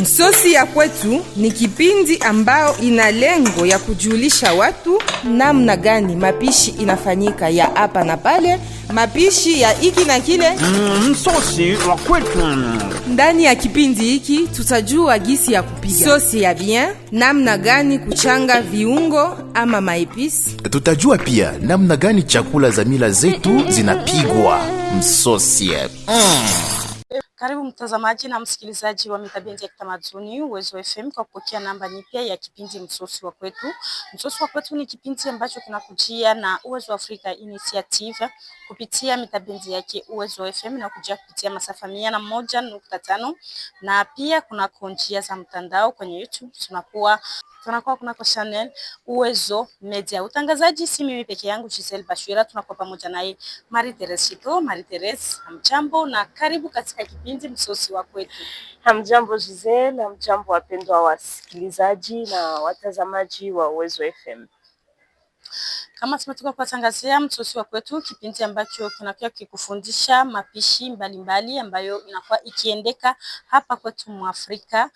Msosi ya kwetu ni kipindi ambao ina lengo ya kujulisha watu namna gani mapishi inafanyika ya hapa na pale, mapishi ya iki na kile. Mm, msosi wa kwetu. Ndani ya kipindi hiki tutajua gisi ya kupiga sosi ya bien, namna gani kuchanga viungo ama maepisi. Tutajua pia namna gani chakula za mila zetu zinapigwa msosi. Mm. Karibu mtazamaji na msikilizaji wa Mitabenzi ya Kitamaduni Uwezo FM kwa kupokea namba nyipya ya kipindi Msosi wa Kwetu. Msosi wa Kwetu ni kipindi ambacho kinakujia na Uwezo Afrika Initiative kupitia mitabenzi yake Uwezo FM na kujia kupitia masafa mia na moja nukta tano na pia kuna njia za mtandao kwenye YouTube tunakuwa tunakuwa kuna kwa channel Uwezo Media. Utangazaji si mimi peke yangu Giselle Bashwira, tunakuwa pamoja naye Marie Therese Shito. Marie Therese, hamjambo na karibu katika kipindi Binti Msosi wa Kwetu. Hamjambo Giselle, hamjambo wapendwa wasikilizaji na watazamaji wa Uwezo FM. Kama tumetoka kuwatangazia msosi wa kwetu, kipindi ambacho kinakuwa kikufundisha mapishi mbalimbali mbali, ambayo inakuwa ikiendeka hapa kwetu Mwafrika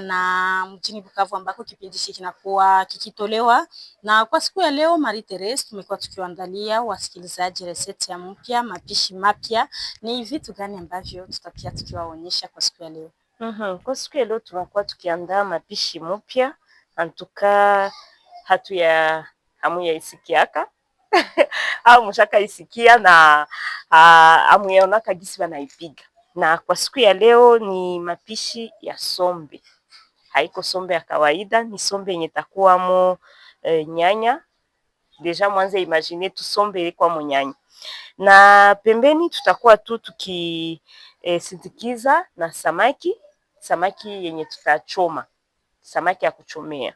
na mjini Bukavu ambako kipindi hiki kinakuwa kikitolewa. Na kwa siku ya leo, Marie Therese, tumekuwa tukiwaandalia wasikilizaji reseti ya mpya, mapishi mapya. Ni vitu gani ambavyo tutakia tukiwaonyesha kwa siku ya leo? Mm -hmm. Kwa siku ya leo tunakuwa tukiandaa mapishi mpya antuka ya hamuyaisikiaka au isikia na amuyaonaka gisi wanaipiga. Na kwa siku ya leo ni mapishi ya sombe, haiko sombe ya kawaida, ni sombe yenye takuwamo e, nyanya deja mwanza, imagine tu sombe ilikwamo nyanya, na pembeni tutakuwa tu tukisindikiza e, na samaki samaki yenye tutachoma, samaki ya kuchomea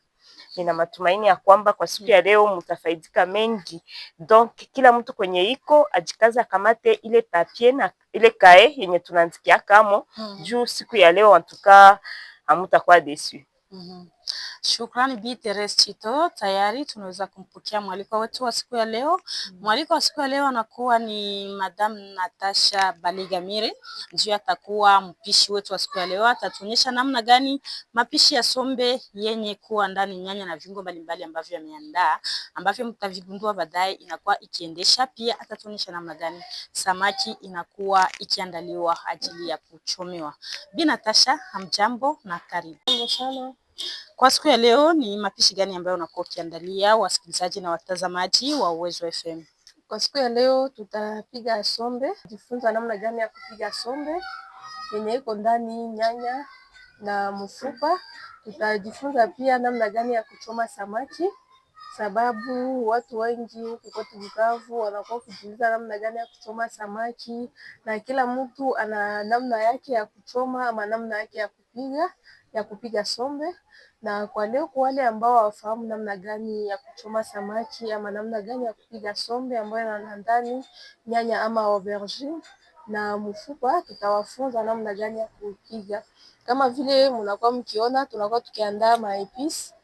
nina matumaini ya kwamba kwa siku ya mm. leo mtafaidika mengi. Donc kila mtu kwenye iko ajikaza akamate ile papier na ile kae yenye tunaandikia kamo, mm. juu siku ya leo antuka amutakuwa desu. Shukrani Bi Therese Chitto tayari tunaweza kumpokea mwaliko wetu wa siku ya leo. Mm. Mwaliko wa siku ya leo anakuwa ni Madam Natasha Baligamire, ndiyo atakuwa mpishi wetu wa siku ya leo. Atatuonyesha namna gani mapishi ya sombe yenye kuwa ndani nyanya na viungo mbalimbali ambavyo ameandaa ambavyo mtavigundua baadaye inakuwa ikiendesha. Pia atatuonyesha namna gani samaki inakuwa ikiandaliwa ajili ya kuchomewa. Bi Natasha, hamjambo na karibu. Kwa siku ya leo ni mapishi gani ambayo unakuwa ukiandalia wasikilizaji na watazamaji wa Uwezo FM? Kwa siku ya leo tutapiga sombe, jifunza namna gani ya kupiga sombe yenye iko ndani nyanya na mfupa. Tutajifunza pia namna gani ya kuchoma samaki, sababu watu wengi huku kwetu Bukavu wanakuwa kujiuliza namna gani ya kuchoma samaki, na kila mtu ana namna yake ya kuchoma ama namna yake ya kupiga ya kupiga sombe na kwa leo kwa wale ambao hawafahamu namna gani ya kuchoma samaki ama namna gani ya kupiga sombe ambayo na ndani nyanya ama aubergine na mfupa, tutawafunza namna gani ya kupiga. Kama vile mnakuwa mkiona, tunakuwa tukiandaa maepisi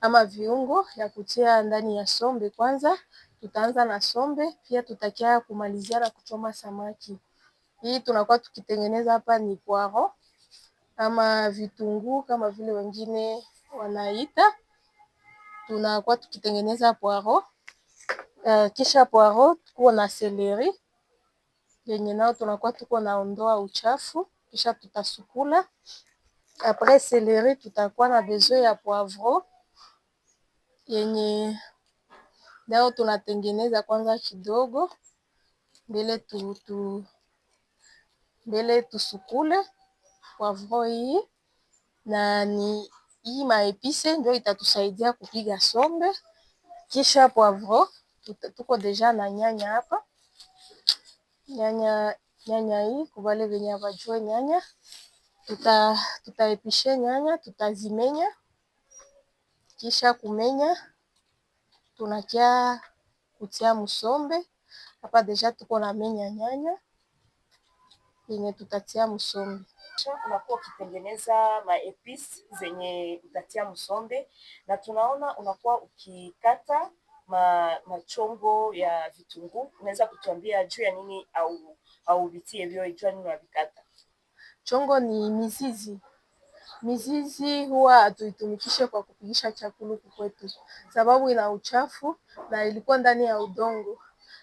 ama viungo ya kutia ndani ya sombe. Kwanza tutaanza na sombe, pia tutakia kumalizia na kuchoma samaki. Hii tunakuwa tukitengeneza hapa ni poaro ama vitunguu kama vile wengine wanaita, tunakuwa tukitengeneza poaro. Uh, eh, kisha poaro tukuwa na seleri yenye nao tunakuwa tuko naondoa uchafu, kisha tutasukula. Apres seleri tutakuwa na bezo ya poavro yenye nao tunatengeneza kwanza kidogo mbele tu, tu, mbele tusukule poivron na ni hii maepise ndio itatusaidia kupiga sombe. Kisha poivron, tuko deja na nyanya hapa, nyanya nyanya hii kwa venye avajue nyanya, tuta tutaepishe nyanya, tutazimenya. Kisha kumenya, tunakia kutia musombe hapa, deja tuko na menya nyanya yenye tutatia msombe unakuwa ukitengeneza maepis zenye utatia msombe, na tunaona unakuwa ukikata ma, machongo ya vitunguu. Unaweza kutuambia juu ya nini au au vitie vyoe, juu ya nini unavikata? Chongo ni mizizi mizizi huwa hatuitumikishe kwa kupigisha chakula kwetu, sababu ina uchafu na ilikuwa ndani ya udongo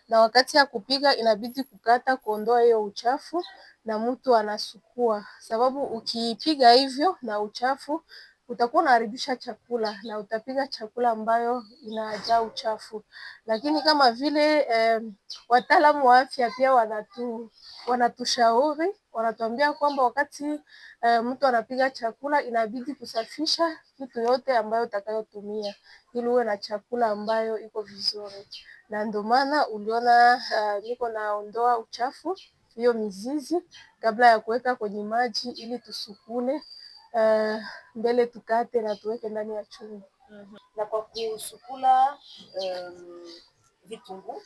na wakati ya kupiga inabidi kukata kuondoa hiyo uchafu na mtu anasukua sababu ukipiga hivyo na uchafu utakuwa unaharibisha chakula na utapiga chakula ambayo inajaa uchafu. Lakini kama vile wataalamu wa afya pia wanatushauri, wanatuambia kwamba wakati eh, mtu anapiga chakula inabidi kusafisha kitu yote ambayo utakayotumia ili uwe na chakula ambayo iko vizuri na maana uliona eh, niko naondoa uchafu hiyo mizizi kabla ya kuweka kwenye maji ili tusukune eh, mbele tukate na tuweke ndani ya chungu. Na kwa kusukula um, vitunguu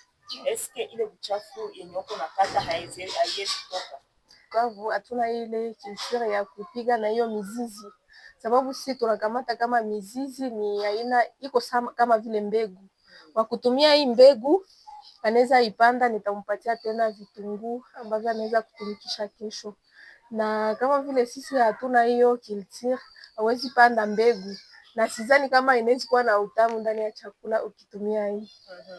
eske ile uchafu yenye uko nakata haiwezi toka? Kavu hatuna ile kinsira ya kupiga na hiyo mizizi, sababu si tunakamata kama mizizi ni aina iko kama vile mbegu kwa kutumia hii mbegu anaweza ipanda, nitampatia tena vitunguu ambavyo anaweza kutumikisha kesho, na kama vile sisi hatuna hiyo culture hawezi panda mbegu, na sidhani kama inaweza kuwa na utamu ndani ya chakula ukitumia hii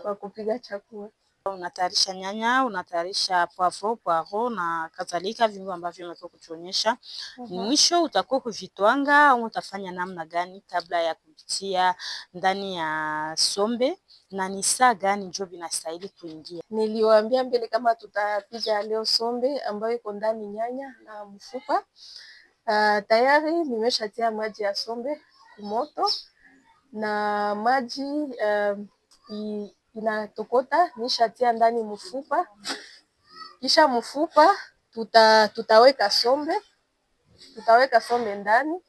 kwa kupiga chakula. Unatayarisha nyanya, unatayarisha poivron, poireau na kadhalika, viungo ambavyo nimetoka kutuonyesha. Mhm. Mwisho utakuwa kuvitwanga au utafanya namna gani kabla ya kutia ndani ya sombe na ni saa gani njoo vinastahili kuingia? Niliwaambia mbele kama tutapiga leo sombe ambayo iko ndani nyanya na mfupa. Uh, tayari nimeshatia maji ya sombe kumoto na maji uh, i inatokota nishatia ndani mfupa, kisha mfupa tuta, tutaweka sombe tutaweka sombe ndani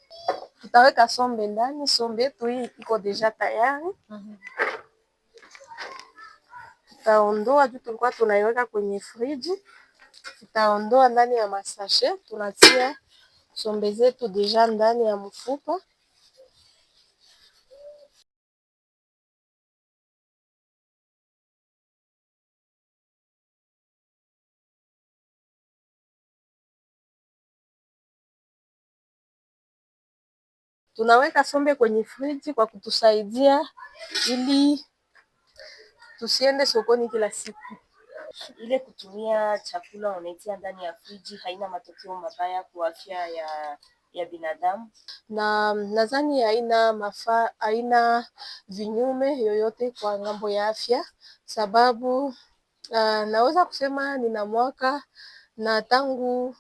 tutaweka sombe ndani. Sombe yetu hii iko deja tayari. mm -hmm. Tutaondoa juu tulikuwa tunaiweka kwenye friji, tutaondoa ndani ya masashe, tunatia sombe zetu deja ndani ya mfupa. Tunaweka sombe kwenye friji kwa kutusaidia ili tusiende sokoni kila siku. Ile kutumia chakula wanaitia ndani ya friji haina matokeo mabaya kwa afya ya ya binadamu na nadhani haina mafaa, haina vinyume yoyote kwa ng'ambo ya afya, sababu uh, naweza kusema nina mwaka na tangu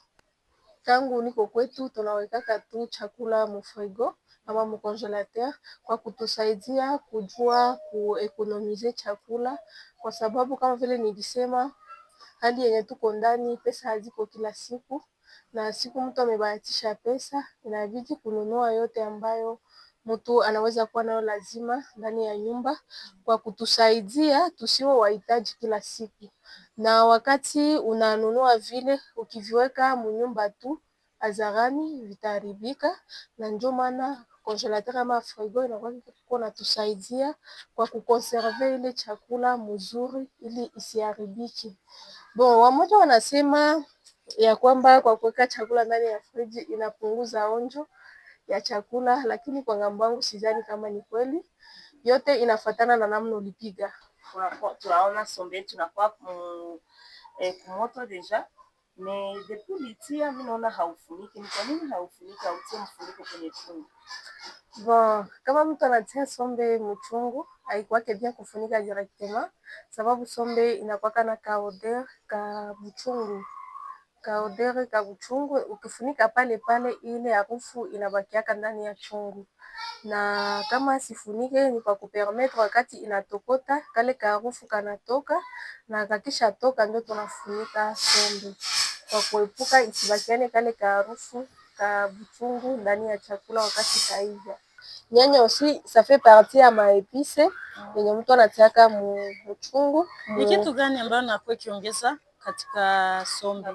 tangu niko kwetu tunawekaka tu chakula mfrigo congelateur kwa kutusaidia kujua kuekonomize chakula kwa sababu kama vile nilisema hali yenye tuko ndani pesa haziko kila siku na siku mtu amebahatisha pesa inabidi kununua yote ambayo mtu anaweza kuwa nayo lazima ndani ya nyumba kwa kutusaidia tusiwe wahitaji kila siku na wakati unanunua vile ukiviweka mnyumba tu hadharani vitaharibika na ndio maana kuongelea frigo inakuwa inatusaidia kwa kukonserve ile chakula mzuri ili isiharibike. Wamoja wanasema ya kwamba kwa kuweka chakula ndani ya friji inapunguza onjo ya chakula lakini kwa ngambo yangu sidhani kama ni kweli. Yote inafuatana na namna ulipiga Tunaona sombe tunakuwa kumoto eh, deja litia mimi naona haufuniki. Ni kwa nini haufuniki, hautie mfuniko kwenye chungu? Bon, kama mtu anatia sombe mchungu haikuwake bia kufunika directement, sababu sombe inakuwa na ka odeur ka mchungu ka odeur ka mchungu. Ukifunika pale pale, ile harufu inabakiaka ndani ya chungu, na kama sifunike ni kwa kupermettre wakati inatokota kale ka harufu kanatoka, na kakisha toka ndio tunafunika sombe kwa isibakiane yaani kale ka harufu uchungu ndani ya chakula wakati kaiva. Nyanya aussi ça fait partie ya maepise yenye mtu anatiaka muchungu. Ni kitu gani ambayo nakuwa ikiongeza katika sombe?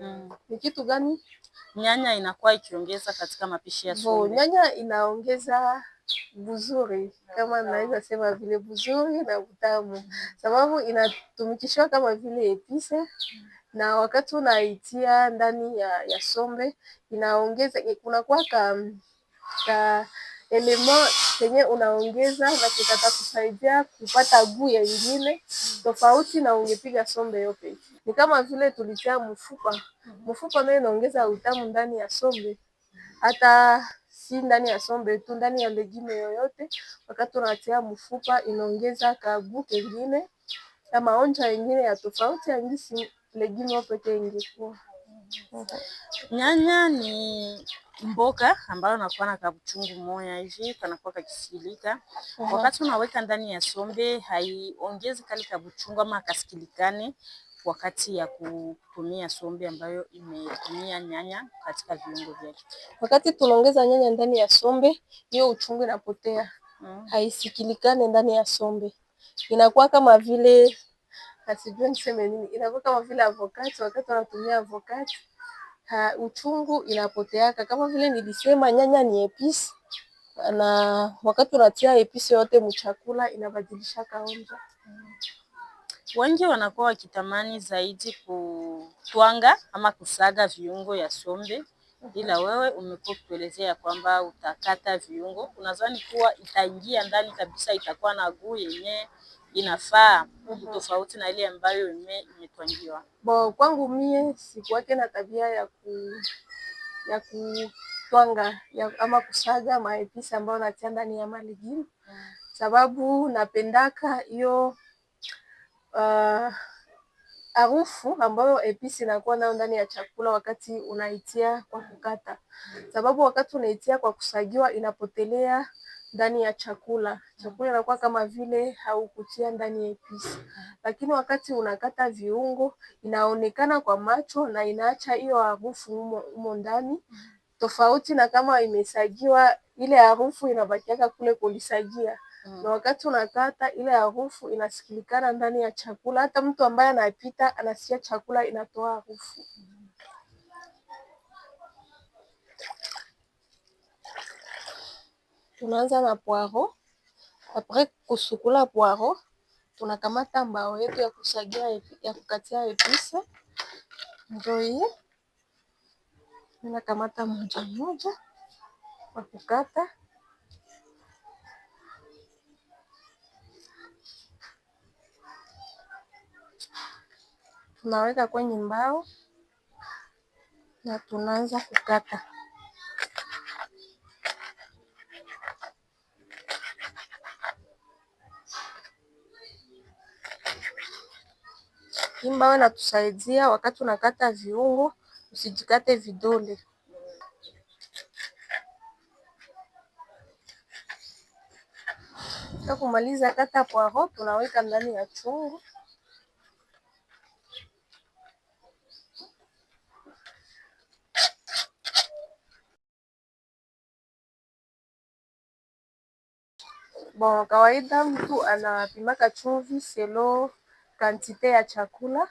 Hmm. Ni kitu gani nyanya inakuwa ikiongeza katika mapishi ya sombe? Nyanya inaongeza buzuri kama naweza sema vile, buzuri na utamu, sababu inatumikishwa kama vile epice na wakati unaitia ndani ya, ya sombe inaongeza kunakuwa ka, ka element kenye unaongeza na kitakusaidia kupata guu yengine tofauti na ungepiga sombe yote. Ni kama vile tulitia mfupa, mfupa nayo inaongeza utamu ndani ya sombe, hata si ndani ya sombe tu, ndani ya legume yoyote. Wakati unatia mfupa inaongeza kaguu kengine kama onja yengine ya tofauti ya ngisi legume pekee ingekuwa. Nyanya ni mboga ambayo nakuwa na kauchungu moya hivi kanakuwa kakisikilika. uh -huh. Wakati unaweka ndani ya sombe haiongezi kali kabuchungu ama akasikilikane wakati ya kutumia sombe ambayo imetumia nyanya katika viungo vyake. Wakati tunaongeza nyanya ndani ya sombe, hiyo uchungu inapotea. mm. Haisikilikane ndani ya sombe, inakuwa kama vile Asiijue msemenini kama vile avocado wakati wanatumia avocado uchungu inapoteaka kama vile nilisema nyanya ni episi na wakati unatia episi yote mchakula inabadilishaka onja. Wengi wanakuwa wakitamani zaidi kutwanga ama kusaga viungo ya sombe ila wewe umekuwa kutuelezea ya kwamba utakata viungo. Unadhani kuwa itaingia ndani kabisa itakuwa na guu yenyewe inafaa mhm. tofauti na ile ambayo imetwangiwa. kwangu mie sikuwake na tabia ya ku ya kutwanga ya, ama kusaga maepisi ambayo natia ndani ya jini mm. Sababu napendaka hiyo ah, harufu uh, ambayo episi inakuwa nayo ndani ya chakula wakati unaitia kwa kukata, mm. sababu wakati unaitia kwa kusagiwa inapotelea ndani ya chakula. Chakula inakuwa kama vile haukutia ndani ya pisi, lakini wakati unakata viungo inaonekana kwa macho na inaacha hiyo harufu humo ndani, tofauti na kama imesagiwa, ile harufu inabakiaka kule kulisagia hmm. na wakati unakata ile harufu inasikilikana ndani ya chakula, hata mtu ambaye anapita anasikia chakula inatoa harufu. Tunaanza na poaro. Apres kusukula poaro, tunakamata mbao yetu ya kusagia ya kukatia epice ndio hii. Tunakamata moja moja kwa kukata. Tunaweka kwenye mbao na tunaanza kukata. Imba inatusaidia wakati unakata viungo usijikate vidole. Kisha kumaliza kata poaro tunaweka ndani ya chungu. Bon, kawaida mtu anapimaka chumvi selo kantite ya chakula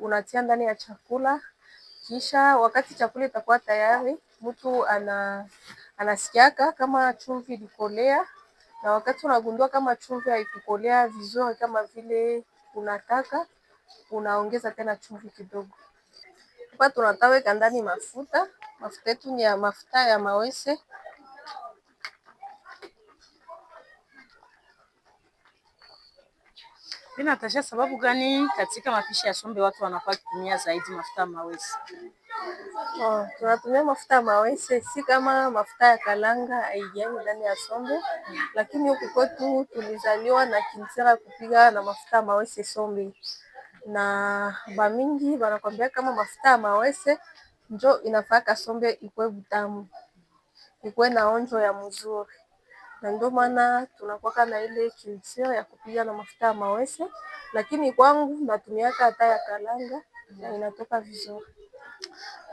unatia ndani ya chakula kisha wakati chakula itakuwa tayari mtu anasikiaka kama chumvi ilikolea na wakati unagundua kama chumvi haikukolea vizuri kama vile unataka unaongeza tena chumvi kidogo. Hapa tunataweka ndani mafuta, mafuta yetu ni ya mafuta ya mawese. Ninatosha sababu gani katika mapishi ya sombe watu wanafaa kutumia zaidi mafuta ya mawese? Oh, tunatumia mafuta ya mawese si kama mafuta ya kalanga, haiingiangi ndani ya sombe, lakini huku kwetu tulizaliwa na kinsera kupiga na mafuta ya mawese sombe, na bamingi banakwambia kama mafuta ya mawese njo inafaa sombe ikwe butamu, ikwe na onjo ya mzuri na ndio maana tunakuwaka na ile culture ya kupiga na mafuta ya mawese, lakini kwangu natumiaka hata ya kalanga na inatoka vizuri.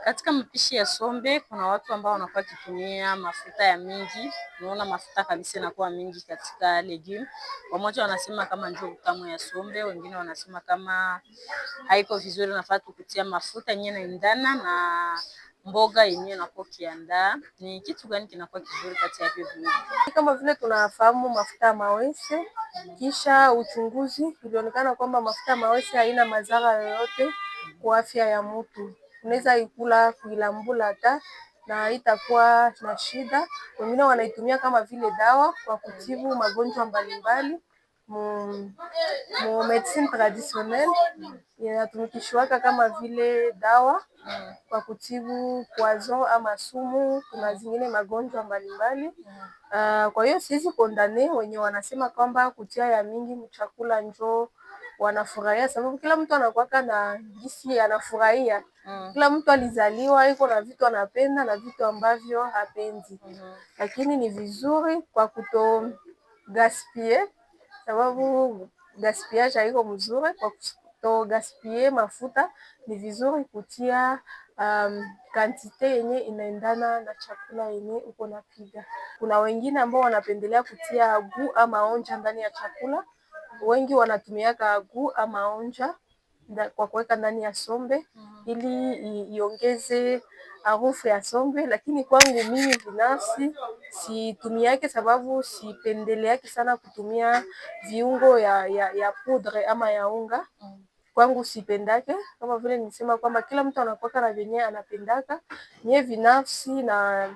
Katika mapishi ya sombe kuna watu ambao wanakuwa wakitumia mafuta ya mingi, unaona mafuta kabisa inakuwa mingi katika legume. Wamoja wanasema kama ndio utamu ya sombe, wengine wanasema kama haiko vizuri, nafaa tukutia mafuta yenye inaendana na mboga yenyewe inapokiandaa ni kitu gani kinakuwa kizuri kati hivyo viwili? Kama vile tunafahamu mafuta ya mawese, kisha uchunguzi ulionekana kwamba mafuta ya mawese haina madhara yoyote kwa afya ya mtu. Unaweza ikula kuilambula hata na haitakuwa na shida. Wengine wanaitumia kama vile dawa kwa kutibu magonjwa mbalimbali. Mumethini tradisionali inatumikishwaka kama vile dawa kwa kutibu poison ama sumu. Kuna zingine magonjwa mbalimbali. Ah, kwa hiyo siwezi kondane wenye wanasema kwamba kutia ya mingi mchakula njoo wanafurahia, sababu kila mtu anakuwaka na jinsi anafurahia. Kila mtu alizaliwa iko na vitu anapenda na vitu ambavyo hapendi, mm-hmm. lakini ni vizuri kwa kuto gaspie sababu gaspillage haiko mzuri kwa kutogaspille mafuta ni vizuri kutia kantite um, yenye inaendana na chakula yenye uko napiga Kuna wengine ambao wanapendelea kutia guu ama onja ndani ya chakula, wengi wanatumiaka guu ama onja kwa kuweka ndani ya sombe mhm. ili iongeze harufu ya sombe, lakini kwangu mimi binafsi situmiake, sababu sipendele yake sana kutumia viungo ya, ya, ya pudre ama ya unga mhm. kwangu sipendake, kama vile nisema kwamba kila mtu anakuwaka na venye anapendaka. Nye binafsi na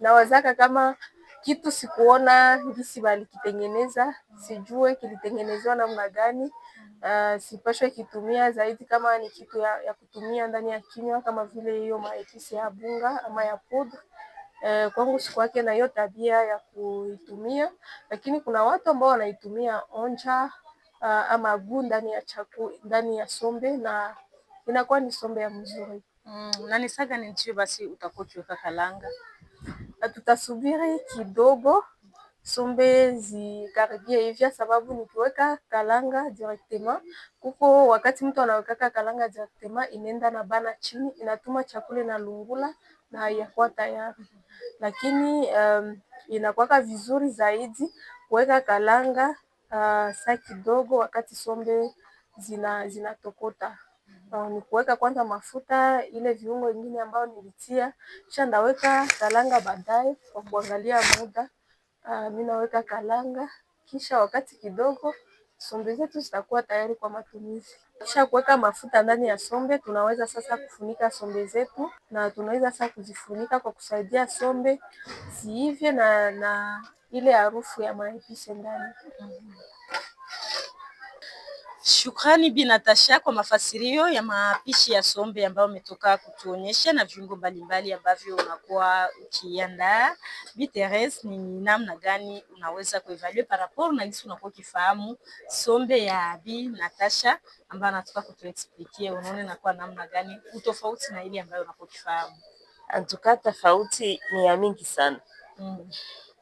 nawazaka kama kitu sikuona ngisi balikitengeneza, mhm. sijue kilitengenezwa namna gani, Eh, sipaswi kitumia zaidi kama ni kitu ya kutumia ndani ya kinywa kama vile hiyo maekisi ya bunga ama ya pudra eh, kwangu sikuwake na hiyo tabia ya kuitumia lakini kuna watu ambao wanaitumia onja eh, ama guu ndani ya sombe na inakuwa ni sombe ya mzuri mm, na ni saga ni nchi basi utakuwa ukiweka kalanga tutasubiri kidogo Sombezi karibia sababu ni kuweka kalanga directement kuko wakati mtu anaweka kalanga directement inaenda na bana chini inatuma chakula inalungula na hayakuwa tayari lakini um, inakuwa vizuri zaidi kuweka kalanga uh, saa kidogo wakati sombe zina zinatokota Uh, ah, ni kuweka kwanza mafuta ile viungo ingine ambayo nilitia kisha ndaweka kalanga baadaye kwa kuangalia muda Ah, ninaweka kalanga kisha wakati kidogo sombe zetu zitakuwa tayari kwa matumizi. Kisha kuweka mafuta ndani ya sombe, tunaweza sasa kufunika sombe zetu na tunaweza sasa kuzifunika kwa kusaidia sombe ziive na ile harufu ya mapishi ndani. Shukrani binatasha kwa mafasirio ya mapishi ya sombe ambayo umetoka kutuonyesha na viungo mbalimbali ambavyo unakuwa ukiandaa. Bi Therese, ni namna gani unaweza kuevalue par rapport na jinsi unakuwa ukifahamu sombe ya Bi Natasha ambayo anatoka kutuexplikia, unaona inakuwa namna gani utofauti na ile ambayo unakuwa ukifahamu? Antuka, tofauti ni ya mingi sana mm.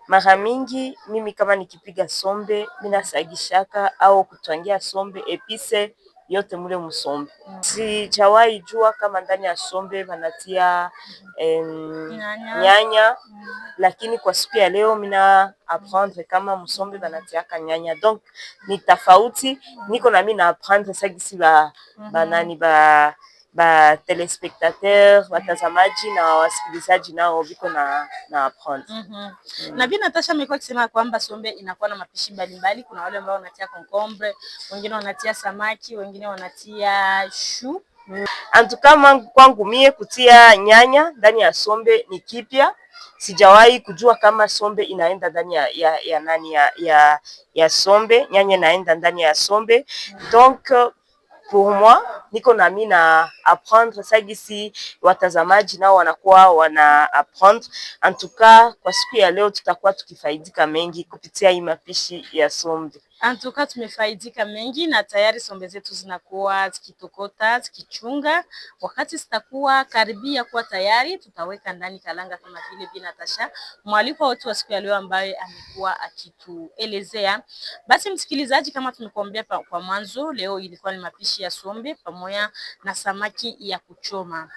Mara mingi mimi kama nikipiga sombe, mimi nasagishaka au kutwangia sombe epise yote mule msombe. Mm. Sijawahi jua kama ndani ya sombe wanatia em, nyanya, mm. lakini kwa siku ya leo mina apprendre kama msombe wanatiaka nyanya, donc ni tofauti. Niko na mimi na apprendre sagisi ba banani ba mm-hmm matelespectateurs watazamaji na wasikilizaji nao viko na na apprendre mm -hmm. mm. Na vile Natasha amekuwa akisema kwamba sombe inakuwa na mapishi mbalimbali, kuna wale ambao wanatia concombre, wengine wanatia samaki, wengine wanatia shu mm. kama kwangu mie kutia nyanya ndani ya sombe ni kipya, sijawahi kujua kama sombe inaenda ndani ya, ya, ya nani ya, ya, ya sombe, nyanya inaenda ndani ya sombe mm. donc pour moi niko na mimi na apprendre sasa gisi watazamaji nao wanakuwa wana apprendre antuka. Kwa siku ya leo tutakuwa tukifaidika mengi kupitia hii mapishi ya sombe. Antuka tumefaidika mengi na tayari sombe zetu zinakuwa zikitokota zikichunga. Wakati zitakuwa karibia kuwa tayari, tutaweka ndani kalanga kama vile Binatasha mwaliko wetu wa siku ya leo ambaye amekuwa akituelezea. Basi msikilizaji, kama tumekuambia kwa mwanzo, leo ilikuwa ni mapishi ya sombe pamoja na samaki ya kuchoma.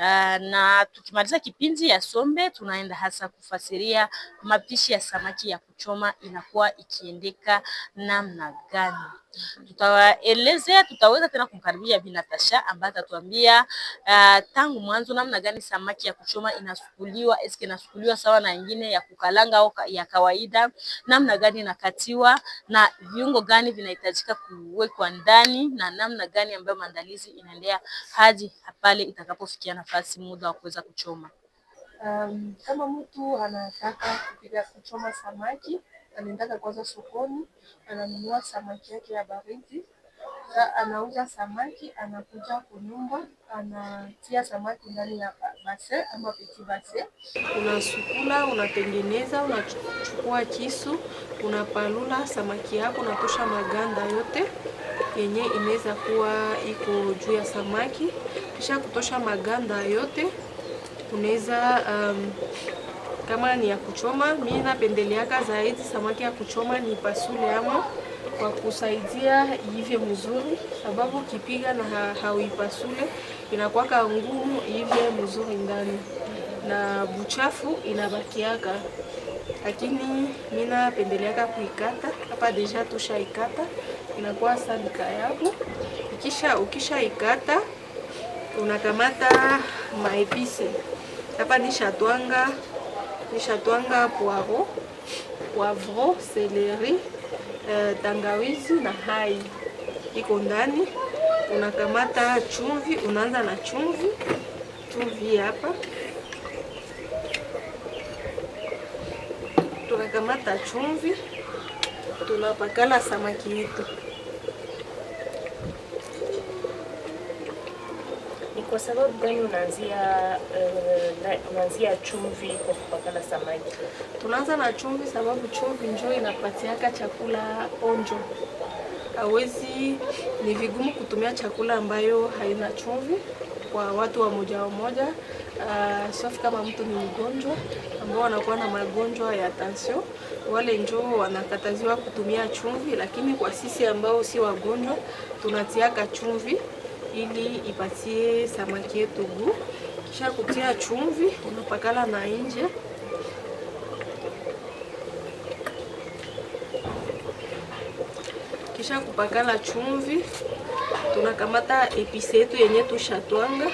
Eh, na tukimaliza kipindi ya sombe tunaenda hasa kufasiria mapishi ya samaki ya kuchoma inakuwa ikiendeka namna gani tutawaelezea tutaweza tena kumkaribia bila tasha, ambaye atatuambia uh, tangu mwanzo namna gani samaki ya kuchoma inasukuliwa, eske inasukuliwa sawa na ingine ya kukalanga au ya kawaida, namna gani inakatiwa na viungo gani vinahitajika kuwekwa ndani na namna gani ambayo maandalizi inaendea hadi pale itakapofikia nafasi muda wa kuweza kuchoma. Um, kama mtu anataka kupiga kuchoma samaki anaendaka kwanza sokoni, ananunua samaki yake ya baridi, anauza samaki, anakuja nyumba, anatia samaki ndani ya base ama petit base. Unasukula, unatengeneza, unachukua kisu, unapalula samaki yako, unatosha maganda yote yenye inaweza kuwa iko juu ya samaki. Kisha kutosha maganda yote unaweza um, kama ni ya kuchoma, mimi napendeleaka zaidi samaki ya kuchoma, ni pasule yamo kwa kusaidia ivye mzuri, sababu kipiga na ha hauipasule inakwaka ngumu ivye mzuri ndani na buchafu inabakiaka, lakini mimi napendeleaka kuikata hapa. Deja tushaikata inakuwa sadika yako, kisha ukishaikata unakamata maepise hapa nishatwanga nishatwanga poaro, poivro, seleri, uh, na hai iko ndani. Unakamata chumvi, unaanza na chumvi. Chumvi hapa tunakamata chumvi, tunapakala samaki yetu kwa sababu gani unaanzia uh, unaanzia chumvi kwa kupakala samaki? Tunaanza na chumvi sababu chumvi njoo inapatiaka chakula onjo. Hawezi, ni vigumu kutumia chakula ambayo haina chumvi kwa watu wa moja wa moja Uh, safi kama mtu ni mgonjwa ambao wanakuwa na magonjwa ya tansio, wale njoo wanakataziwa kutumia chumvi, lakini kwa sisi ambao si wagonjwa tunatiaka chumvi ili ipatie samaki yetu guu Kisha kutia chumvi, unapakala na nje kisha kupakala chumvi, tunakamata epise yetu yenye tushatwanga,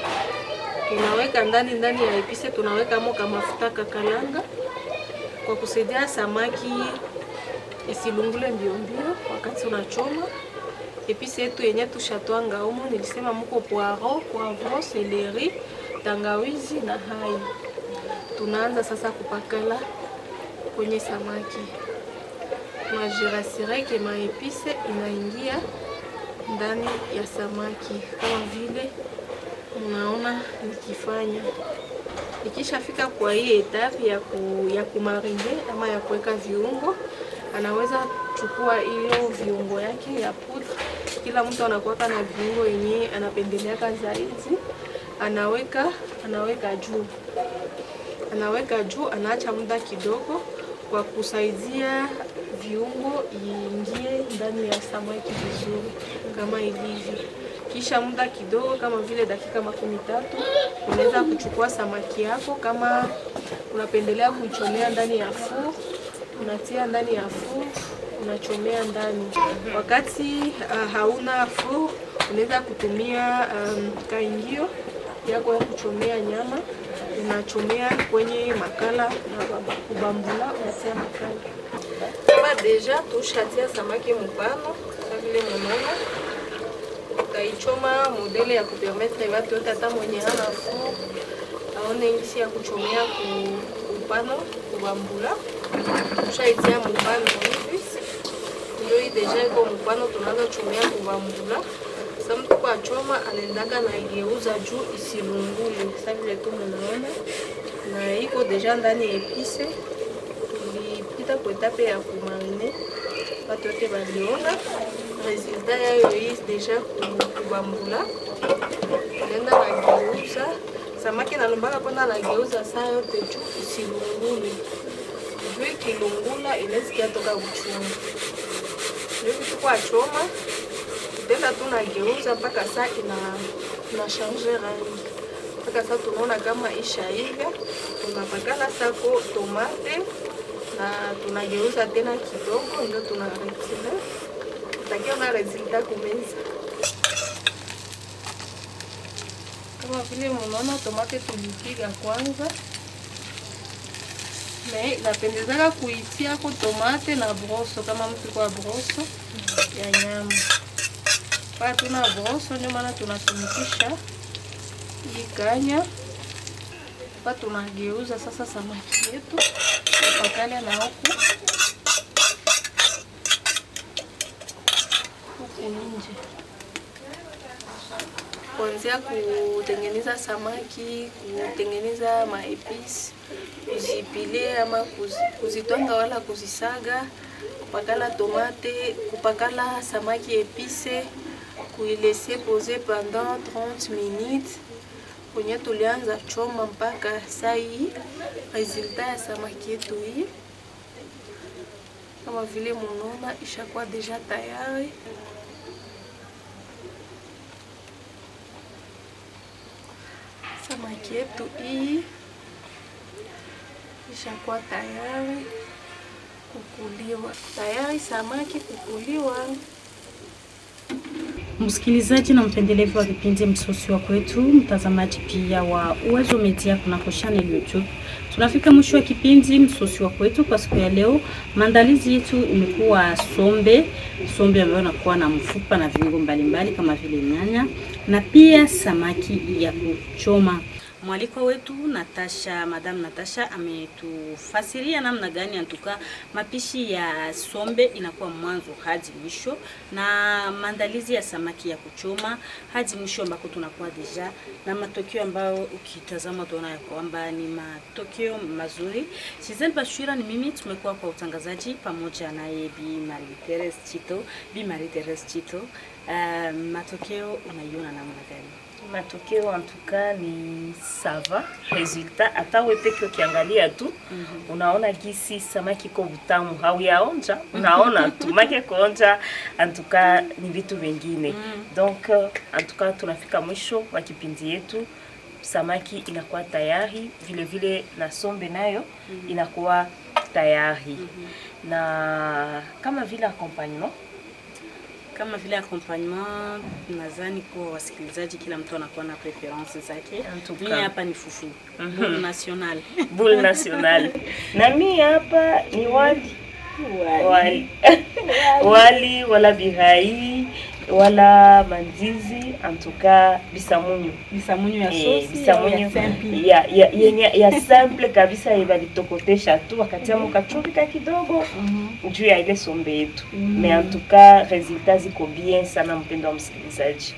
tunaweka ndani ndani ya epise, tunaweka moka mafuta kakalanga kwa kusaidia samaki isilungule mbio wakati unachoma epise yetu yenye tushatwanga humu, nilisema muko poiro, poivron, seleri, tangawizi na hai. Tunaanza sasa kupakala kwenye samaki majirasireke, maepise inaingia ndani ya samaki kama vile unaona nikifanya. Ikishafika kwa hii etape ya, ku, ya kumarine ama ya kuweka viungo anaweza kuchukua hiyo viungo yake ya put, Kila mtu anakuwa na viungo yenye anapendeleaka zaidi, anaweka anaweka juu, anaweka juu, anaacha muda kidogo kwa kusaidia viungo iingie ndani ya samaki vizuri kama ilivyo. Kisha muda kidogo, kama vile dakika makumi tatu, unaweza kuchukua samaki yako. Kama unapendelea kuichomea ndani ya fuu, unatia ndani ya fuu unachomea ndani. Wakati uh, hauna fu unaweza kutumia um, kaingio yako ya kuchomea nyama, unachomea kwenye makala na kubambula, unatia makala kama deja. Tushatia samaki mubano vile mumana, utaichoma modele ya kupermetre watu wote, hata mwenye hana furu aone gisi ya kuchomea kupano kubambula, tushaitia mubano ndio hii deja iko mkwano, tunaanza chumia kuvambula. Sasa mtu kwa choma anaendaga na juu isirungule, sasa vile tu mnaona, na iko deja ndani ya epise. Tulipita kwa ya kumarine, watu wote waliona resulta yayo hii deja kubambula, naenda nageuza samaki nalombaka pona nageuza saa yote juu isirungule, juu ikilungula inaweza toka hivi choma tena tunageuza mpaka saa ina na changer rangi mpaka saa tunaona kama ishaiva, tunapakala sako tomate na tunageuza tena kidogo, ndio tuna takiona resulta kumeza kama vile munaona tomate tulipiga kwanza me napendezaka kuitiako tomate na broso, kama mtu kwa broso ya nyama paa, tuna broso ndio maana tunatumikisha ikanya pa, tunageuza sasa samaki yetu apakana na huku huku nje kuanzia kutengeneza samaki, kutengeneza maepisi, kuzipile ama kuzitwanga wala kuzisaga, kupakala tomate, kupakala samaki epise, kuilese pose pendant 30 minutes kwenye tulianza choma mpaka saa hii. Resulta ya samaki yetu hii kama vile munaona, ishakuwa deja tayari. samaki yetu hii ishakuwa tayari kukuliwa, tayari samaki kukuliwa. Msikilizaji na mpendelevu wa kipindi Msosi wa Kwetu, mtazamaji pia wa Uwezo Media kunako channel YouTube, tunafika mwisho wa kipindi Msosi wa Kwetu kwa siku ya leo. Maandalizi yetu imekuwa sombe sombe ambayo inakuwa na mfupa na viungo mbalimbali kama vile nyanya na pia samaki ya kuchoma. Mwalikwa wetu Natasha, Madam Natasha ametufasiria namna gani antuka mapishi ya sombe inakuwa mwanzo hadi mwisho na maandalizi ya samaki ya kuchoma hadi mwisho ambako tunakuwa deja na matokeo ambayo ukitazama utaona ya kwamba ni matokeo mazuri. Shizel Bashira ni mimi, tumekuwa kwa utangazaji pamoja naye Bi Marie Therese Chito, Bi Marie Therese Chito. Eh, matokeo unaiona namna gani? Matokeo antuka ni sava resulta hata wewe peke ukiangalia tu mm -hmm. Unaona gisi samaki ko butamu, yaonja unaona tu make kuonja, antuka ni vitu vingine mm -hmm. Donc euh, antuka tunafika mwisho wa kipindi yetu, samaki inakuwa tayari, vile vile na sombe nayo mm -hmm. inakuwa tayari mm -hmm. na kama vile accompagnement kama vile accompagnement. Nadhani kwa wasikilizaji, kila mtu anakuwa na preference zake. Mimi hapa ni fufu mm -hmm. national bull national na mimi hapa ni wali wali wali wala bihai wala mandizi antuka bisamunyu bisamunyu ya eh, sosi, bisamunyu ya simple ya ya, ya, ya simple kabisa evalitokotesha eh, tu wakatia mukachumika kidogo mhm. juu ya ile sombe yetu mm. Me antuka resultat ziko bien sana, mpendo wa msikilizaji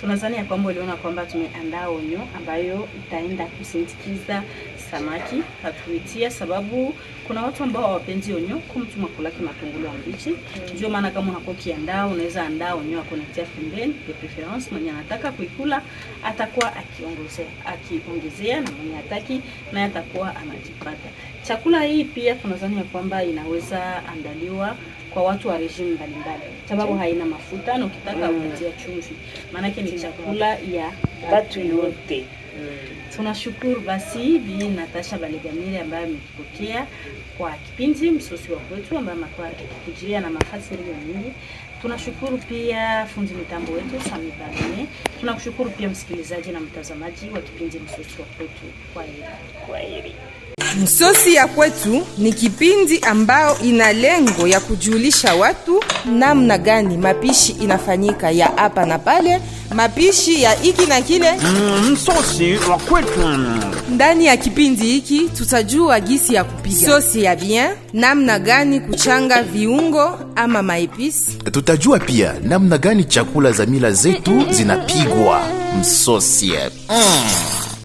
tunazani ya kwamba uliona kwamba tumeandaa onyo ambayo itaenda kusindikiza samaki hatuitia, sababu kuna watu ambao hawapenzi onyoko, mtu tungulu kimatungulu mbichi. Ndio maana kama unakuwa kiandaa, unaweza andaa onyo yako na tia pembeni, kwa preference mwenye anataka kuikula atakuwa akiongezea akiongezea, na mwenye hataki naye atakuwa anajipata. Chakula hii pia tunadhani ya kwamba inaweza andaliwa kwa watu wa regime mbalimbali, sababu haina mafuta na ukitaka mm, unatia chumvi, maanake ni chakula ya watu wote. Tunashukuru basi Bi Natasha Balegamire ambaye ametupokea kwa kipindi msosi wa kwetu ambaye amekuwa akikujia na ya mingi Tunashukuru pia fundi mitambo wetu Sami Balene. Tunakushukuru pia msikilizaji na mtazamaji wa kipindi msosi wa kwetu. kwa Kwaheri. Msosi ya kwetu ni kipindi ambao ina lengo ya kujulisha watu namna gani mapishi inafanyika ya hapa na pale, mapishi ya hiki na kile. msosi mm, wa kwetu. Ndani ya kipindi hiki tutajua gisi ya kupiga sosi ya bien, namna gani kuchanga viungo ama maepisi. Tutajua pia namna gani chakula za mila zetu zinapigwa msosi. Mm.